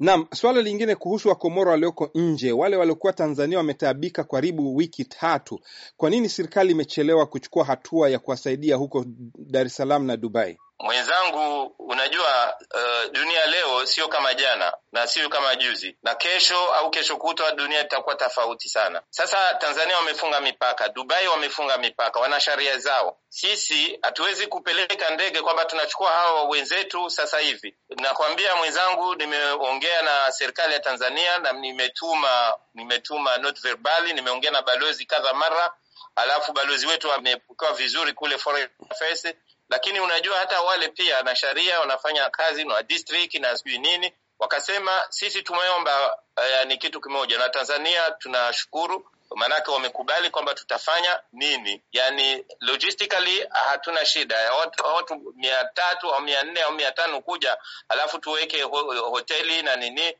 Naam, suala lingine kuhusu Wakomoro walioko nje, wale waliokuwa Tanzania wametaabika karibu wiki tatu. Kwa nini serikali imechelewa kuchukua hatua ya kuwasaidia huko Dar es Salaam na Dubai? Mwenzangu, unajua uh, dunia leo sio kama jana na sio kama juzi, na kesho au kesho kutwa dunia itakuwa tofauti sana. Sasa Tanzania wamefunga mipaka, Dubai wamefunga mipaka, wana sheria zao. Sisi hatuwezi kupeleka ndege kwamba tunachukua hawa wenzetu sasa hivi. Nakwambia mwenzangu, nimeongea na serikali ya Tanzania na nimetuma nimetuma note verbali, nimeongea na balozi kadha mara, alafu balozi wetu amepokewa vizuri kule Foreign Affairs lakini unajua hata wale pia na sharia wanafanya kazi na district na sijui nini, wakasema sisi tumeomba eh, ni kitu kimoja, na Tanzania tunashukuru maanake wamekubali kwamba tutafanya nini, yani logistically hatuna shida ya watu, mia tatu au mia nne au mia tano kuja, alafu tuweke hoteli na nini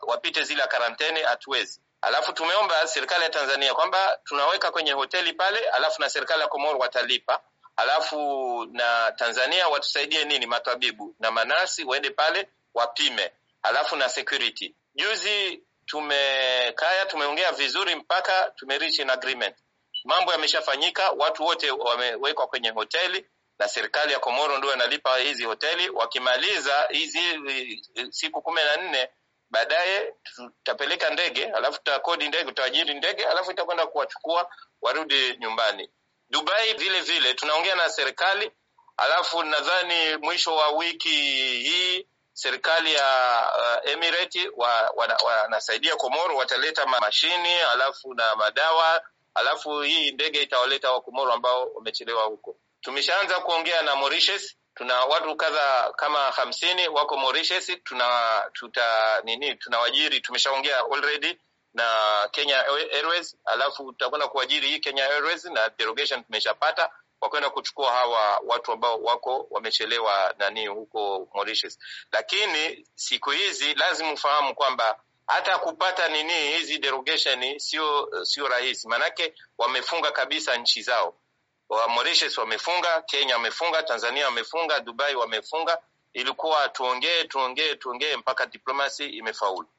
wapite zile karanteni, hatuwezi. Alafu tumeomba serikali ya Tanzania kwamba tunaweka kwenye hoteli pale, alafu na serikali ya Komoro watalipa Alafu na Tanzania watusaidie nini? Matabibu na manasi waende pale wapime, alafu na security. Juzi tumekaya tumeongea vizuri mpaka tumereach an agreement, mambo yameshafanyika, watu wote wamewekwa kwenye hoteli na serikali ya Komoro ndio analipa hizi hoteli. Wakimaliza hizi eh, siku kumi na nne baadaye tutapeleka ndege, alafu tutakodi ndege, tutawajiri ndege, alafu itakwenda kuwachukua warudi nyumbani. Dubai vile vile tunaongea na serikali, alafu nadhani mwisho wa wiki hii serikali ya uh, Emirati wanasaidia wa, wa, Komoro wataleta mashini alafu na madawa, alafu hii ndege itawaleta Wakomoro ambao wamechelewa huko. Tumeshaanza kuongea na Mauritius, tuna watu kadha kama hamsini wako Mauritius, tuna tuta nini tunawajiri, tumeshaongea already na Kenya Airways, alafu tutakwenda kuajiri hii Kenya Airways na derogation tumeshapata kwa kwenda kuchukua hawa watu ambao wako wamechelewa nani huko Mauritius. Lakini siku hizi lazima ufahamu kwamba hata kupata nini hizi derogation sio sio rahisi, maanake wamefunga kabisa nchi zao. Wa Mauritius wamefunga, Kenya wamefunga, Tanzania wamefunga, Dubai wamefunga. Ilikuwa tuongee tuongee tuongee mpaka diplomasi imefaulu.